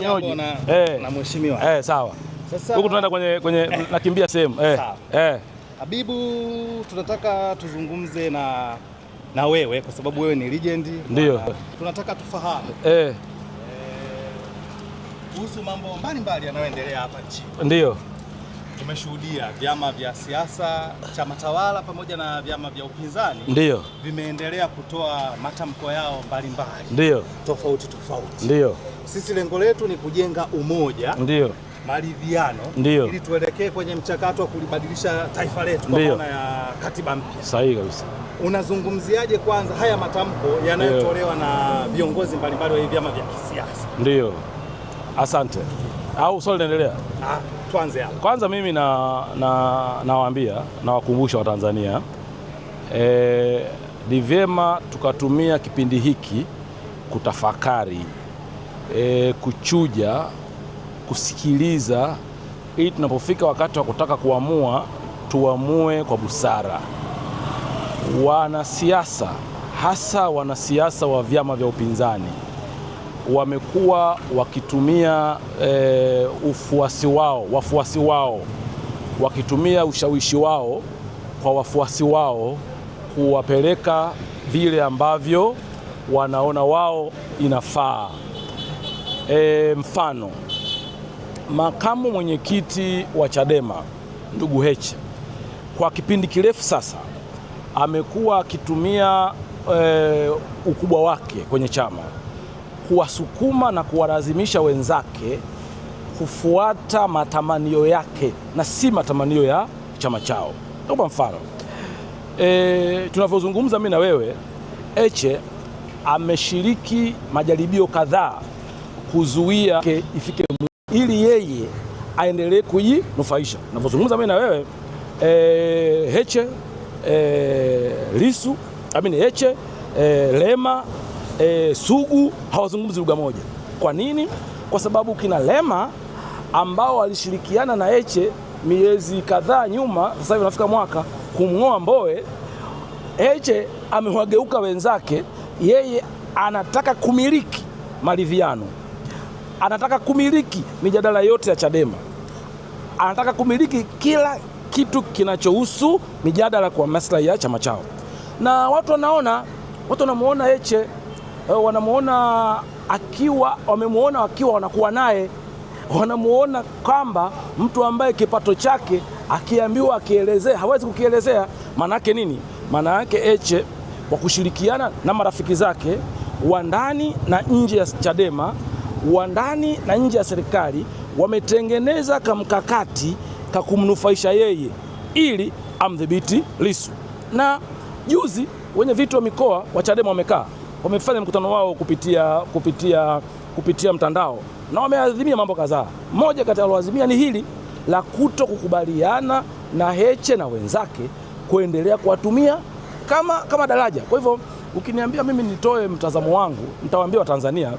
Nyoji na, eh. na mheshimiwa. Eh, sawa. Sasa tunaenda kwenye kwenye eh. nakimbia sehemu. Eh. Eh. Habibu, tunataka tuzungumze na na wewe kwa sababu wewe ni legend. Ndio. Tunataka tufahamu. Eh. eh. Kuhusu mambo mbalimbali yanayoendelea hapa nchini. Ndio tumeshuhudia vyama vya siasa, chama tawala pamoja na vyama vya upinzani ndio vimeendelea kutoa matamko yao mbalimbali, ndio tofauti tofauti. Ndio sisi lengo letu ni kujenga umoja, ndio maridhiano, ndio ili tuelekee kwenye mchakato wa kulibadilisha taifa letu kwa maana ya katiba mpya. Sahihi kabisa. Unazungumziaje kwanza haya matamko yanayotolewa na viongozi mbalimbali wa vyama vya kisiasa? Ndio, asante. Au swali linaendelea? Ah tuanze hapo. Kwanza mimi nawaambia na, na nawakumbusha Watanzania e, ni vyema tukatumia kipindi hiki kutafakari e, kuchuja, kusikiliza ili tunapofika wakati wa kutaka kuamua tuamue kwa busara. Wanasiasa hasa wanasiasa wa vyama vya upinzani wamekuwa wakitumia e, ufuasi wao, wafuasi wao wakitumia ushawishi wao kwa wafuasi wao kuwapeleka vile ambavyo wanaona wao inafaa. E, mfano makamu mwenyekiti wa Chadema ndugu Heche kwa kipindi kirefu sasa amekuwa akitumia e, ukubwa wake kwenye chama kuwasukuma na kuwalazimisha wenzake kufuata matamanio yake na si matamanio ya chama chao. kwa mfano e, tunavyozungumza mimi na wewe, Heche ameshiriki majaribio kadhaa kuzuia ifike ili yeye aendelee kujinufaisha. Navyozungumza mimi na wewe e, Heche e, Lisu amini Heche e, Lema e, sugu hawazungumzi lugha moja. Kwa nini? Kwa sababu kina Lema ambao walishirikiana na Heche miezi kadhaa nyuma, sasa hivi nafika mwaka kumng'oa Mbowe, Heche amewageuka wenzake. Yeye anataka kumiliki maridhiano, anataka kumiliki mijadala yote ya Chadema, anataka kumiliki kila kitu kinachohusu mijadala kwa maslahi ya chama chao, na watu wanaona, watu wanamuona Heche Eh, wanamuona akiwa wamemuona wakiwa wanakuwa naye, wanamuona kwamba mtu ambaye kipato chake akiambiwa akielezea hawezi kukielezea. Maana yake nini? Maana yake Heche kwa kushirikiana na marafiki zake wa ndani na nje ya Chadema, wa ndani na nje ya serikali, wametengeneza kamkakati ka kumnufaisha yeye ili amdhibiti Lissu. Na juzi wenye viti wa mikoa wa Chadema wamekaa wamefanya mkutano wao kupitia, kupitia, kupitia mtandao na wameazimia mambo kadhaa. Moja kati yaloazimia ni hili la kuto kukubaliana na Heche na wenzake kuendelea kuwatumia kama, kama daraja. Kwa hivyo ukiniambia mimi nitoe mtazamo wangu, nitawaambia Watanzania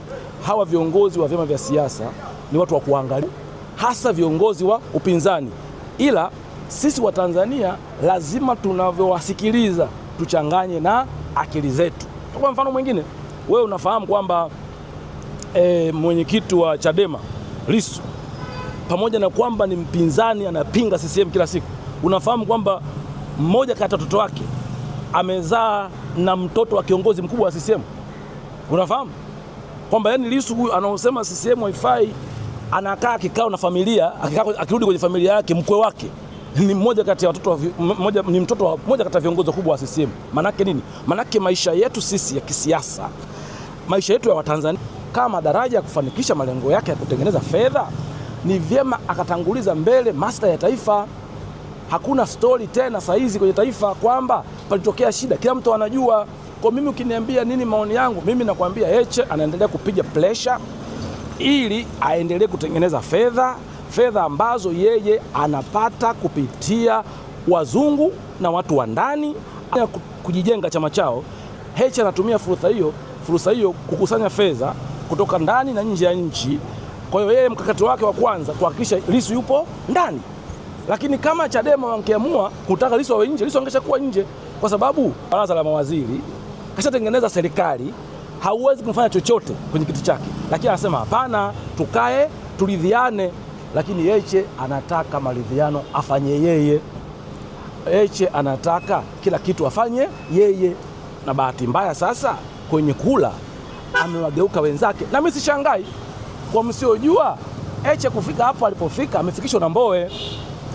hawa viongozi wa vyama vya siasa ni watu wa kuangalia, hasa viongozi wa upinzani, ila sisi Watanzania lazima tunavyowasikiliza tuchanganye na akili zetu. Kwa mfano mwingine, wewe unafahamu kwamba e, mwenyekiti wa Chadema Lissu pamoja na kwamba ni mpinzani anapinga CCM kila siku, unafahamu kwamba mmoja kati ya watoto wake amezaa na mtoto wa kiongozi mkubwa wa CCM. Unafahamu kwamba yani Lissu huyu anaosema CCM haifai anakaa kikao na familia, akirudi kwenye familia yake mkwe wake ni mmoja kati ya watoto mmoja, ni mtoto mmoja kati ya viongozi wakubwa wa CCM. Manake nini? Manake maisha yetu sisi ya kisiasa, maisha yetu ya Watanzania kama daraja ya kufanikisha malengo yake ya kutengeneza fedha, ni vyema akatanguliza mbele maslahi ya taifa. Hakuna stori tena saa hizi kwenye taifa kwamba palitokea shida, kila mtu anajua. Kwa mimi ukiniambia nini maoni yangu, mimi nakwambia Heche anaendelea kupiga pressure ili aendelee kutengeneza fedha fedha ambazo yeye anapata kupitia wazungu na watu wa ndani kujijenga chama chao. Heche anatumia fursa hiyo fursa hiyo kukusanya fedha kutoka ndani na nje ya nchi. Kwa hiyo yeye mkakati wake wa kwanza kuhakikisha Lissu yupo ndani, lakini kama Chadema wangeamua kutaka Lissu awe nje, Lissu angeshakuwa nje, kwa sababu baraza la mawaziri kashatengeneza serikali, hauwezi kumfanya chochote kwenye kiti chake. Lakini anasema hapana, tukae turidhiane lakini Heche anataka maridhiano afanye yeye. Heche anataka kila kitu afanye yeye, na bahati mbaya sasa kwenye kula amewageuka wenzake, na mimi sishangai. Kwa msiojua Heche kufika hapo alipofika, amefikishwa na mboe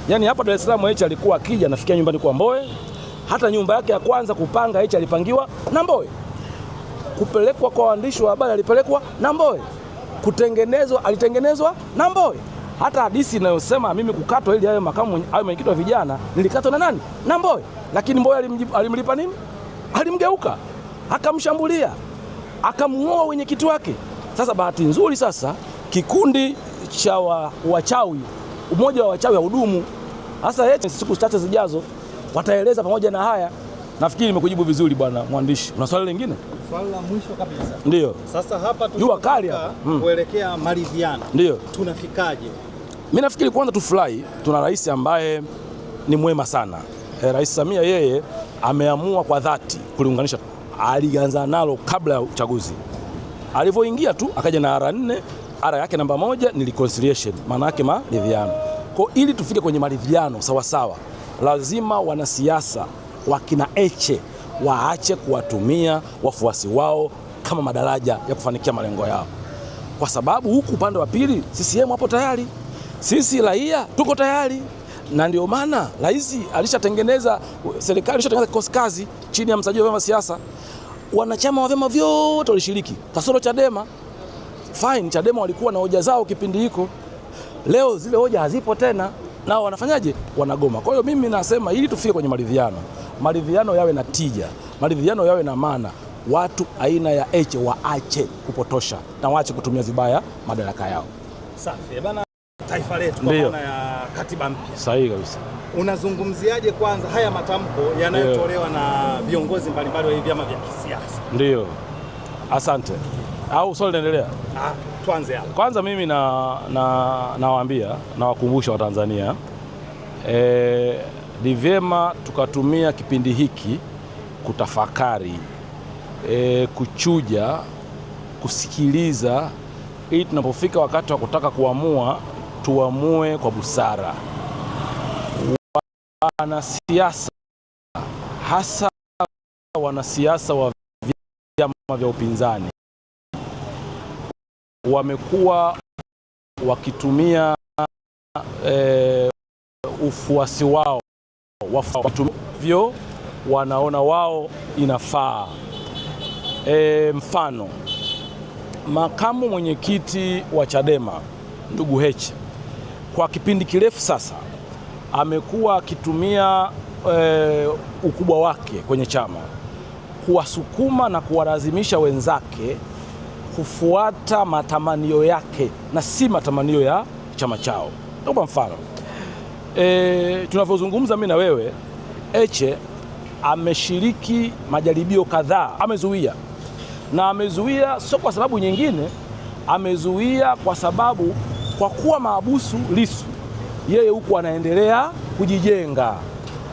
Yaani hapa Dar es Salaam Heche alikuwa akija anafikia nyumbani kwa mboe Hata nyumba yake ya kwanza kupanga Heche alipangiwa na mboe kupelekwa kwa waandishi wa habari alipelekwa na mboe kutengenezwa alitengenezwa na mboe hata hadisi inayosema mimi kukatwa ili awe makamu awe mwenyekiti wa vijana, nilikatwa na nani? Na mboye Lakini mboye alimlipa nini? Alimgeuka, akamshambulia, akamng'oa mwenyekiti wake. Sasa bahati nzuri, sasa kikundi cha wa, wachawi, umoja wa wachawi hasa Sasa siku chache zijazo wataeleza pamoja na haya. Nafikiri nimekujibu vizuri bwana mwandishi. Una swali lingine? Swali la mwisho kabisa. Ndio. Sasa hapa tunataka hmm. kuelekea maridhiano. Ndio. Tunafikaje? Mimi nafikiri kwanza tufurahi, tuna rais ambaye ni mwema sana. E, Rais Samia yeye ameamua kwa dhati kuliunganisha, alianza nalo kabla ya uchaguzi. Alivyoingia tu akaja na ara nne, ara yake namba moja ni reconciliation, maana yake maridhiano. Kwa ili tufike kwenye maridhiano sawasawa, lazima wanasiasa wakina Heche waache kuwatumia wafuasi wao kama madaraja ya kufanikia malengo yao, kwa sababu huku upande wa pili CCM hapo tayari sisi raia tuko tayari, na ndio maana rais alishatengeneza, serikali ilishatengeneza kikosi kazi chini ya msajili wa vyama siasa. Wanachama wa vyama vyote walishiriki kasoro Chadema. Fine, Chadema walikuwa na hoja zao kipindi hiko, leo zile hoja hazipo tena, nao wanafanyaje? Wanagoma. Kwa hiyo mimi nasema ili tufike kwenye maridhiano, maridhiano yawe na tija, maridhiano yawe na maana watu aina ya Heche waache kupotosha na waache kutumia vibaya madaraka yao. Safi bana taifa letu kwa maana ya katiba mpya. Sahihi kabisa. Unazungumziaje kwanza haya matamko yanayotolewa na viongozi mbalimbali wa vyama vya kisiasa? ndio asante. Au swali linaendelea? Ah, tuanze hapo. Kwanza mimi nawaambia na, wakumbusha nawakumbusha Watanzania e, ni vyema tukatumia kipindi hiki kutafakari e, kuchuja, kusikiliza ili tunapofika wakati wa kutaka kuamua tuamue kwa busara. Wanasiasa hasa wanasiasa wa vyama vya upinzani wamekuwa wakitumia e, ufuasi wao vyo wanaona wao inafaa. E, mfano makamu mwenyekiti wa Chadema ndugu Heche kwa kipindi kirefu sasa amekuwa akitumia e, ukubwa wake kwenye chama kuwasukuma na kuwalazimisha wenzake kufuata matamanio yake na si matamanio ya chama chao. kwa mfano e, tunavyozungumza mimi na wewe, Heche ameshiriki majaribio kadhaa, amezuia na amezuia, sio kwa sababu nyingine, amezuia kwa sababu kwa kuwa maabusu Lissu yeye huku anaendelea kujijenga,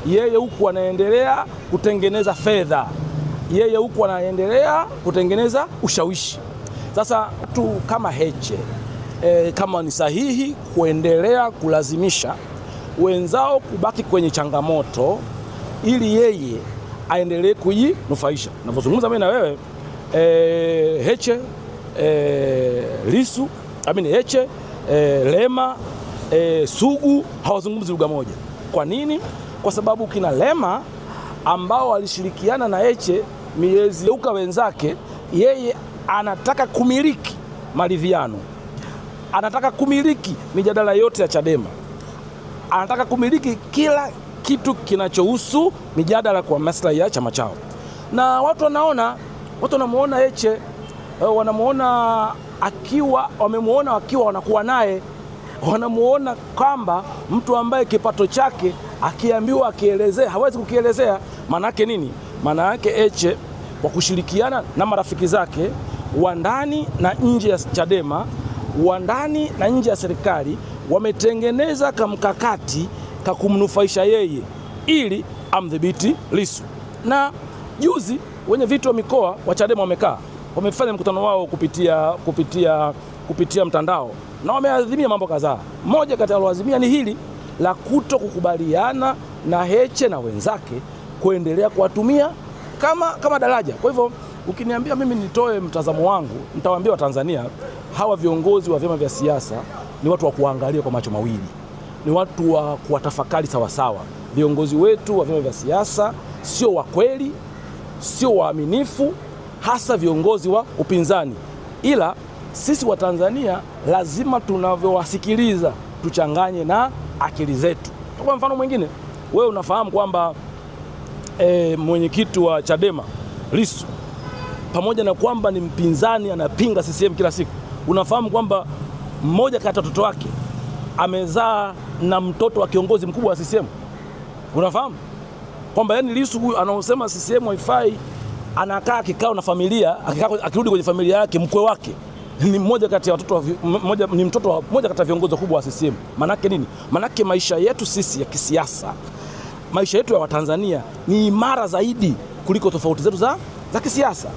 yeye huku anaendelea kutengeneza fedha, yeye huku anaendelea kutengeneza ushawishi. Sasa mtu kama Heche e, kama ni sahihi kuendelea kulazimisha wenzao kubaki kwenye changamoto ili yeye aendelee kujinufaisha. Navyozungumza mimi na wewe e, Heche e, eh, Lissu amini Heche e, Lema e, Sugu hawazungumzi lugha moja. Kwa nini? Kwa sababu kina Lema ambao walishirikiana na Heche miezi uka wenzake, yeye anataka kumiliki maridhiano, anataka kumiliki mijadala yote ya Chadema, anataka kumiliki kila kitu kinachohusu mijadala kwa maslahi ya chama chao, na watu wanaona, watu wanamuona Heche, eh, wanamuona akiwa wamemwona wakiwa wanakuwa naye, wanamuona kwamba mtu ambaye kipato chake akiambiwa akielezea hawezi kukielezea. Maana yake nini? Maana yake Heche kwa kushirikiana na marafiki zake wa ndani na nje ya Chadema, wa ndani na nje ya serikali, wametengeneza kamkakati ka kumnufaisha yeye ili amdhibiti Lissu. Na juzi wenye viti wa mikoa wa Chadema wamekaa wamefanya mkutano wao kupitia, kupitia, kupitia mtandao na wameazimia mambo kadhaa. Moja kati yaloazimia ni hili la kuto kukubaliana na Heche na wenzake kuendelea kuwatumia kama, kama daraja. Kwa hivyo ukiniambia mimi nitoe mtazamo wangu, nitawaambia Watanzania hawa viongozi wa vyama vya siasa ni watu wa kuangalia kwa macho mawili, ni watu wa kuwatafakari sawasawa. Viongozi wetu wa vyama vya siasa sio wa kweli, sio waaminifu hasa viongozi wa upinzani, ila sisi Watanzania lazima tunavyowasikiliza tuchanganye na akili zetu. Kwa mfano mwingine, wewe unafahamu kwamba e, mwenyekiti wa Chadema Lissu pamoja na kwamba ni mpinzani anapinga CCM kila siku, unafahamu kwamba mmoja kati ya watoto wake amezaa na mtoto wa kiongozi mkubwa wa CCM. Unafahamu kwamba yani Lissu huyu anaosema CCM haifai anakaa kikao na familia, akirudi kwenye familia yake, mkwe wake ni mmoja kati ya watoto mmoja, ni mtoto mmoja kati ya viongozi wakubwa wa CCM. Manake nini? Manake maisha yetu sisi ya kisiasa, maisha yetu ya Watanzania ni imara zaidi kuliko tofauti zetu za, za kisiasa,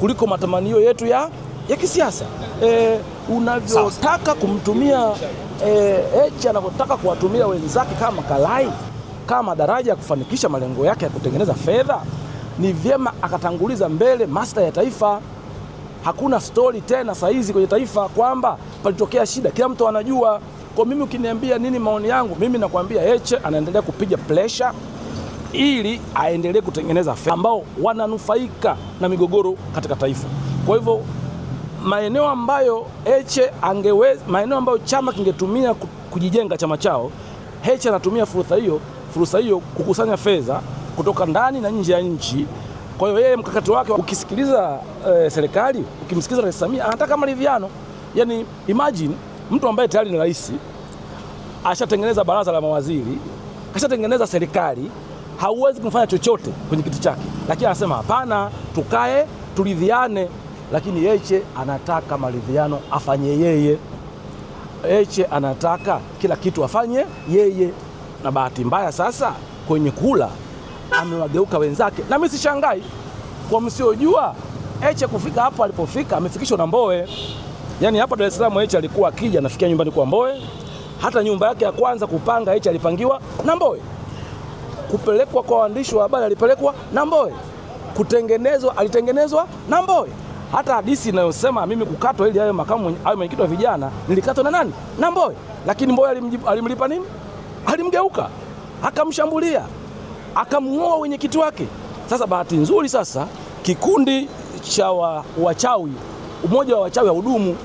kuliko matamanio yetu ya, ya kisiasa e, unavyotaka kumtumia e, Heche anavyotaka kuwatumia wenzake kama kalai kama daraja ya kufanikisha malengo yake ya kutengeneza fedha ni vyema akatanguliza mbele maslahi ya taifa. Hakuna stori tena saa hizi kwenye taifa kwamba palitokea shida, kila mtu anajua. Kwa mimi ukiniambia nini maoni yangu, mimi nakwambia Heche anaendelea kupiga pressure ili aendelee kutengeneza fedha ambao wananufaika na migogoro katika taifa. Kwa hivyo maeneo ambayo Heche angeweza, maeneo ambayo chama kingetumia kujijenga chama chao, Heche anatumia fursa hiyo, fursa hiyo kukusanya fedha kutoka ndani na nje ya nchi. Kwa hiyo yeye mkakati wake ukisikiliza eh, serikali ukimsikiliza Rais Samia anataka maridhiano. Yani imagine mtu ambaye tayari ni rais ashatengeneza baraza la mawaziri ashatengeneza serikali, hauwezi kumfanya chochote kwenye kiti chake, lakini anasema hapana, tukae turidhiane. Lakini Heche anataka maridhiano afanye yeye. Heche anataka kila kitu afanye yeye, na bahati mbaya sasa kwenye kula amewageuka wenzake, na mimi sishangai kwa msiojua Heche kufika hapo alipofika, amefikishwa na Mbowe. Yaani hapa Dar es Salaam Heche alikuwa akija anafikia nyumbani kwa Mbowe. Hata nyumba yake ya kwanza kupanga Heche alipangiwa na Mbowe, kupelekwa kwa waandishi wa habari alipelekwa na Mbowe, kutengenezwa alitengenezwa na Mbowe. Hata hadisi inayosema mimi kukatwa ili awe makamu awe mwenyekiti wa vijana nilikatwa na nani? Na Mbowe. Lakini Mbowe alimlipa nini? Alimgeuka, akamshambulia akamng'oa mwenyekiti wake. Sasa bahati nzuri, sasa kikundi cha wa, wachawi, umoja wa wachawi haudumu.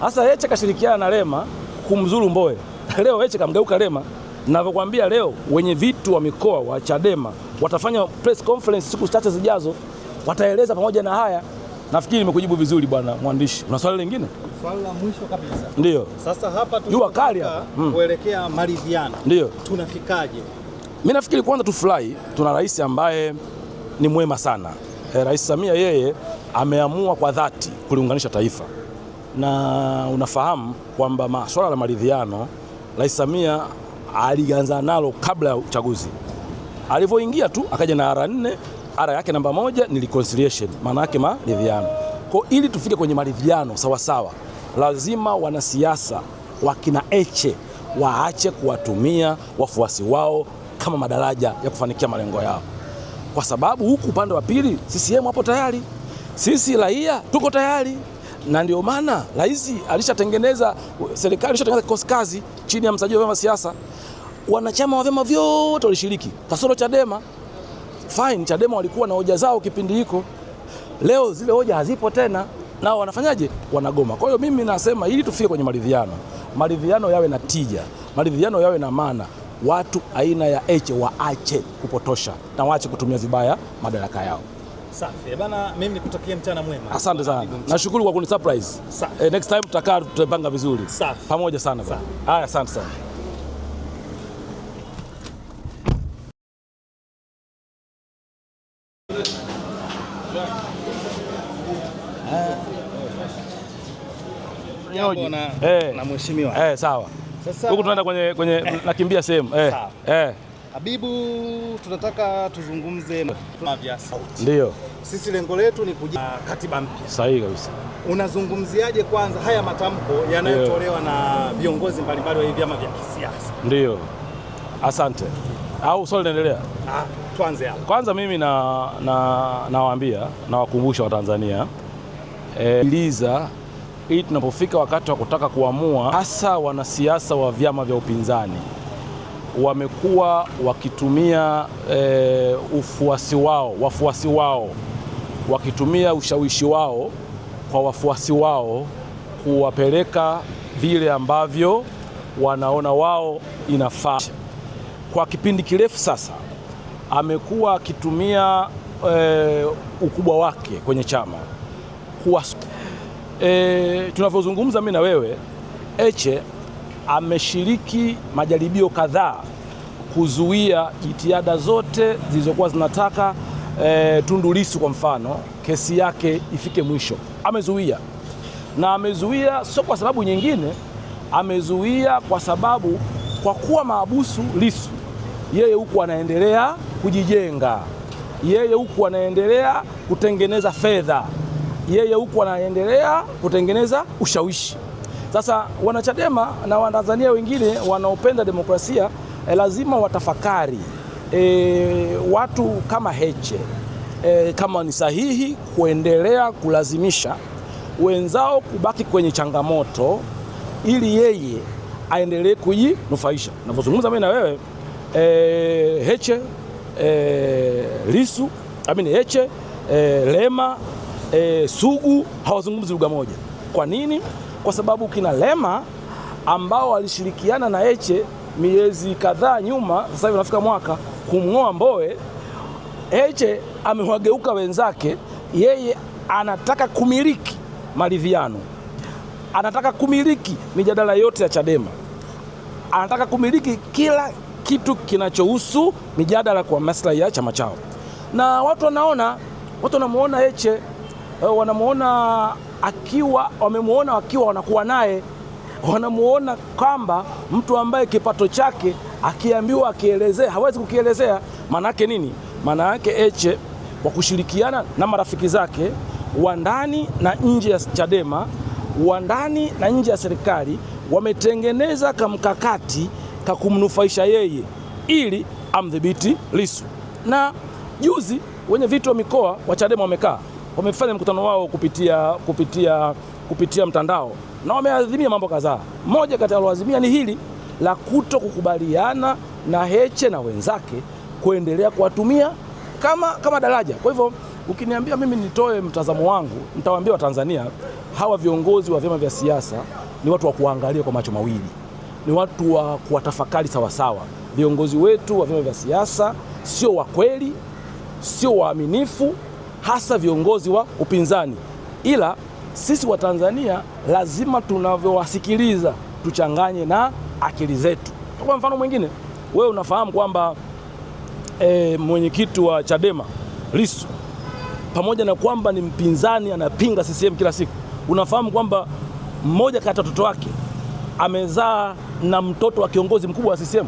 Sasa Heche kashirikiana na Lema kumzuru Mbowe. Leo Heche kamgeuka Lema. Navyokwambia leo wenye vitu wa mikoa wa Chadema watafanya press conference siku chache zijazo, wataeleza pamoja na haya. Nafikiri nimekujibu vizuri bwana mwandishi. Una swali lingine? Swali la mwisho kabisa. Ndio. Sasa hapa tunataka mm. kuelekea maridhiano. Ndio. Tunafikaje? Mimi nafikiri kwanza tufurahi, tuna rais ambaye ni mwema sana. E, Rais Samia yeye ameamua kwa dhati kuliunganisha taifa, na unafahamu kwamba masuala ya maridhiano Rais Samia alianza nalo kabla ya uchaguzi. Alivyoingia tu akaja na ara nne, ara yake namba moja ni reconciliation, maana yake maridhiano. Kwa ili tufike kwenye maridhiano sawasawa, lazima wanasiasa wakina Heche waache kuwatumia wafuasi wao kama madaraja ya kufanikia malengo yao, kwa sababu huku upande wa pili CCM hapo tayari, sisi raia tuko tayari, na ndio maana rais alishatengeneza, serikali ilishatengeneza kikosi kazi chini ya msajili wa vyama siasa. Wanachama wa vyama vyote walishiriki kasoro Chadema. Fine, Chadema walikuwa na hoja zao kipindi hiko, leo zile hoja hazipo tena, nao wanafanyaje? Wanagoma. Kwa hiyo mimi nasema ili tufike kwenye maridhiano, maridhiano yawe na tija, maridhiano yawe na maana watu aina ya Heche waache kupotosha na waache kutumia vibaya madaraka yao. Safi eh, bana, mimi nikutakie mchana mwema. Asante sana, nashukuru kwa kuni surprise. Eh, next time tutakaa tutapanga vizuri Safi. pamoja sana bana. Haya, asante sana. Na, eh. na mheshimiwa. Eh, sawa huku tunaenda kwenye, kwenye eh, nakimbia sehemu eh, eh. Habibu, tunataka tuzungumze vya sauti. Ndio. Sisi lengo letu ni kuja ah, katiba mpya. Sahihi kabisa. Unazungumziaje kwanza haya matamko yanayotolewa na viongozi mbalimbali wa vyama vya kisiasa? Ndio. Asante. Au swali linaendelea? Ah, tuanze hapo. Kwanza mimi na nawaambia na wakumbusha Watanzania eh, iliza ili tunapofika wakati wa kutaka kuamua, hasa wanasiasa wa vyama vya upinzani wamekuwa wakitumia e, ufuasi wao, wafuasi wao wakitumia ushawishi wao kwa wafuasi wao kuwapeleka vile ambavyo wanaona wao inafaa. Kwa kipindi kirefu sasa amekuwa akitumia e, ukubwa wake kwenye chama kuwa e, tunavyozungumza mimi na wewe Heche ameshiriki majaribio kadhaa kuzuia jitihada zote zilizokuwa zinataka e, Tundu Lissu kwa mfano kesi yake ifike mwisho. Amezuia na amezuia sio kwa sababu nyingine, amezuia kwa sababu kwa kuwa maabusu Lissu yeye huku anaendelea kujijenga, yeye huku anaendelea kutengeneza fedha yeye huku anaendelea kutengeneza ushawishi. Sasa wanachadema na Watanzania wengine wanaopenda demokrasia eh, lazima watafakari eh, watu kama Heche eh, kama ni sahihi kuendelea kulazimisha wenzao kubaki kwenye changamoto ili yeye aendelee kujinufaisha. Navyozungumza mimi na wewe eh, Heche eh, Lisu amini Heche eh, Lema e, Sugu hawazungumzi lugha moja. Kwa nini? Kwa sababu kina Lema ambao walishirikiana na Heche miezi kadhaa nyuma, sasa hivi nafika mwaka kumng'oa Mbowe, Heche amewageuka wenzake. Yeye anataka kumiliki maridhiano, anataka kumiliki mijadala yote ya Chadema, anataka kumiliki kila kitu kinachohusu mijadala kwa maslahi ya chama chao, na watu wanaona, watu wanamuona Heche Eh, wanamuona akiwa wamemuona wakiwa wanakuwa naye, wanamuona kwamba mtu ambaye kipato chake akiambiwa akielezea hawezi kukielezea. Maana yake nini? Maana yake Heche kwa kushirikiana na marafiki zake wa ndani na nje ya Chadema, wa ndani na nje ya serikali, wametengeneza kamkakati ka kumnufaisha yeye ili amdhibiti Lissu. Na juzi wenye viti wa mikoa wa Chadema wamekaa wamefanya mkutano wao kupitia, kupitia, kupitia mtandao na wameazimia mambo kadhaa. Moja kati yaloazimia ni hili la kuto kukubaliana na Heche na wenzake kuendelea kuwatumia kama, kama daraja. Kwa hivyo ukiniambia mimi nitoe mtazamo wangu, nitawaambia Watanzania hawa viongozi wa vyama vya siasa ni watu wa kuangalia kwa macho mawili, ni watu wa kuwatafakari sawasawa. Viongozi wetu wa vyama vya siasa sio wa kweli, sio waaminifu hasa viongozi wa upinzani, ila sisi Watanzania lazima tunavyowasikiliza tuchanganye na akili zetu. Kwa mfano mwingine, wewe unafahamu kwamba e, mwenyekiti wa Chadema Lissu pamoja na kwamba ni mpinzani anapinga CCM kila siku, unafahamu kwamba mmoja kati ya watoto wake amezaa na mtoto wa kiongozi mkubwa wa CCM.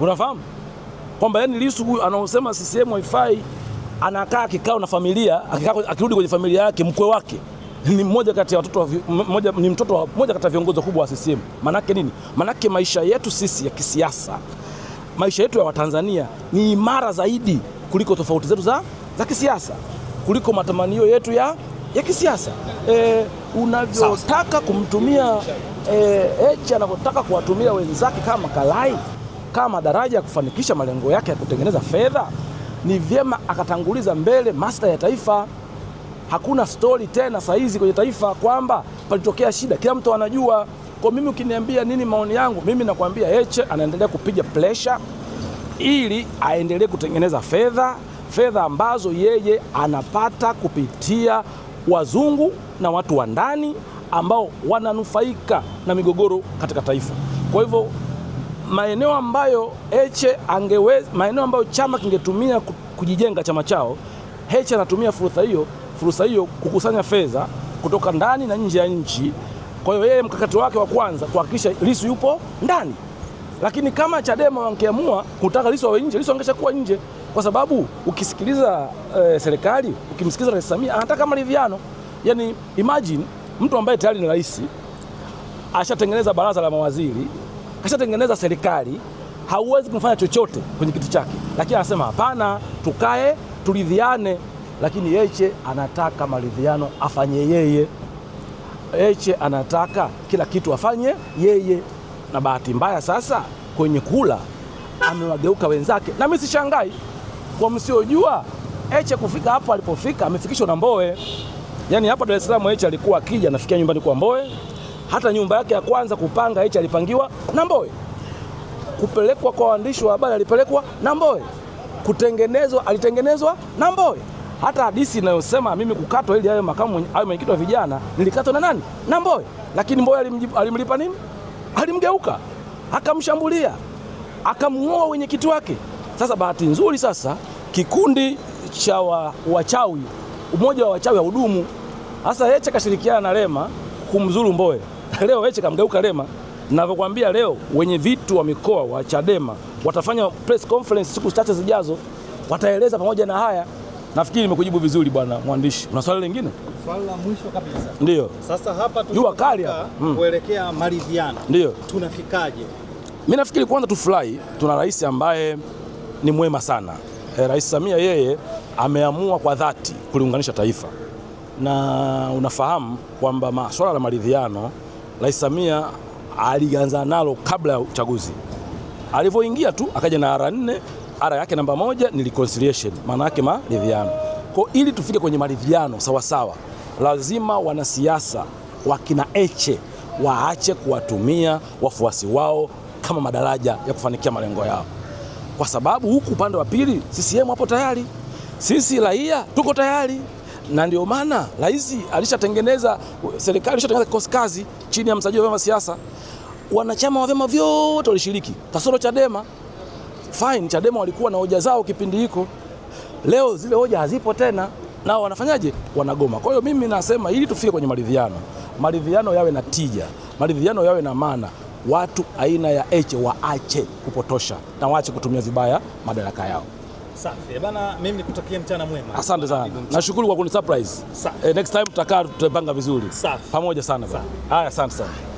Unafahamu kwamba yani Lissu huyu anaosema CCM haifai anakaa kikao na familia, akirudi kwenye familia yake, mkwe wake ni mmoja kati ya watoto mmoja, ni mtoto wa mmoja kati ya viongozi wakubwa wa CCM. Manake nini? Manake maisha yetu sisi ya kisiasa, maisha yetu ya Watanzania ni imara zaidi kuliko tofauti zetu za, za kisiasa, kuliko matamanio yetu ya, ya kisiasa e, unavyotaka kumtumia e, Heche anavyotaka kuwatumia wenzake kama kalai kama daraja ya kufanikisha malengo yake ya kutengeneza fedha ni vyema akatanguliza mbele masta ya taifa. Hakuna stori tena saa hizi kwenye taifa kwamba palitokea shida, kila mtu anajua. Kwa mimi ukiniambia nini maoni yangu, mimi nakwambia Heche anaendelea kupiga presha ili aendelee kutengeneza fedha, fedha ambazo yeye anapata kupitia wazungu na watu wa ndani ambao wananufaika na migogoro katika taifa. Kwa hivyo maeneo ambayo Heche angeweza, maeneo ambayo chama kingetumia kujijenga chama chao, Heche anatumia fursa hiyo fursa hiyo kukusanya fedha kutoka ndani na nje ya nchi. Kwa hiyo yeye mkakati wake wa kwanza kuhakikisha Lissu yupo ndani, lakini kama Chadema wangeamua kutaka Lissu awe nje, Lissu kuwa nje, kwa sababu ukisikiliza eh, serikali ukimsikiliza Rais Samia anataka maridhiano. Yani imagine mtu ambaye tayari ni rais ashatengeneza baraza la mawaziri kashatengeneza serikali, hauwezi kumfanya chochote kwenye kiti chake. Lakini anasema hapana, tukae turidhiane, lakini Heche anataka maridhiano afanye yeye. Heche anataka kila kitu afanye yeye, na bahati mbaya sasa kwenye kula amewageuka wenzake, na mimi sishangai. Kwa msiojua Heche kufika hapo alipofika, amefikishwa na Mbowe. Yaani hapa Dar es Salaam Heche alikuwa akija anafikia nyumbani kwa Mbowe. Hata nyumba yake ya kwanza kupanga hichi alipangiwa na Mbowe, kupelekwa kwa waandishi wa habari alipelekwa na Mbowe, kutengenezwa alitengenezwa na Mbowe. Hata hadisi inayosema mimi kukatwa ili awe makamu awe mwenyekiti wa vijana nilikatwa na nani? Na Mbowe. Lakini Mbowe alimlipa nini? Alimgeuka, akamshambulia, akamng'oa mwenyekiti wake. Sasa bahati nzuri sasa kikundi cha wa, wachawi, umoja wa wachawi haudumu. Sasa Heche kashirikiana na Lema kumzuru Mbowe. Leo Heche kamgeuka Lema. Ninavyokuambia leo wenye vitu wa mikoa wa Chadema watafanya press conference siku chache zijazo, wataeleza pamoja na haya. Nafikiri nimekujibu vizuri bwana mwandishi. Una swali lingine? Swali la mwisho kabisa. Ndio. Sasa hapa jua kali hapa mm. kuelekea maridhiano. Ndio. Tunafikaje? Mimi nafikiri kwanza tufurahi, tuna rais ambaye ni mwema sana. E, Rais Samia yeye ameamua kwa dhati kuliunganisha taifa, na unafahamu kwamba masuala ya maridhiano Rais Samia alianza nalo kabla ya uchaguzi. Alivyoingia tu akaja na ara nne, ara yake namba moja ni reconciliation, maana yake maridhiano. Kwa ili tufike kwenye maridhiano sawasawa, lazima wanasiasa wakina Heche waache kuwatumia wafuasi wao kama madaraja ya kufanikia malengo yao, kwa sababu huku upande wa pili CCM hapo tayari, sisi raia tuko tayari na ndio maana rais alishatengeneza, serikali ilishatengeneza kikosi kazi chini ya msajili wa vyama siasa. Wanachama wa vyama vyote walishiriki kasoro Chadema. Fine, Chadema walikuwa na hoja zao kipindi hiko, leo zile hoja hazipo tena, nao wanafanyaje? Wanagoma. Kwa hiyo mimi nasema ili tufike kwenye maridhiano, maridhiano yawe na tija, maridhiano yawe na maana, watu aina ya Heche waache kupotosha na waache kutumia vibaya madaraka yao. Safi. Eh, bana, mimi nikutakie mchana mwema. Asante sana. Nashukuru kwa kunisurprise. Eh, next time tutakaa tutapanga vizuri. Safi. Pamoja sana bana. Haya, asante sana.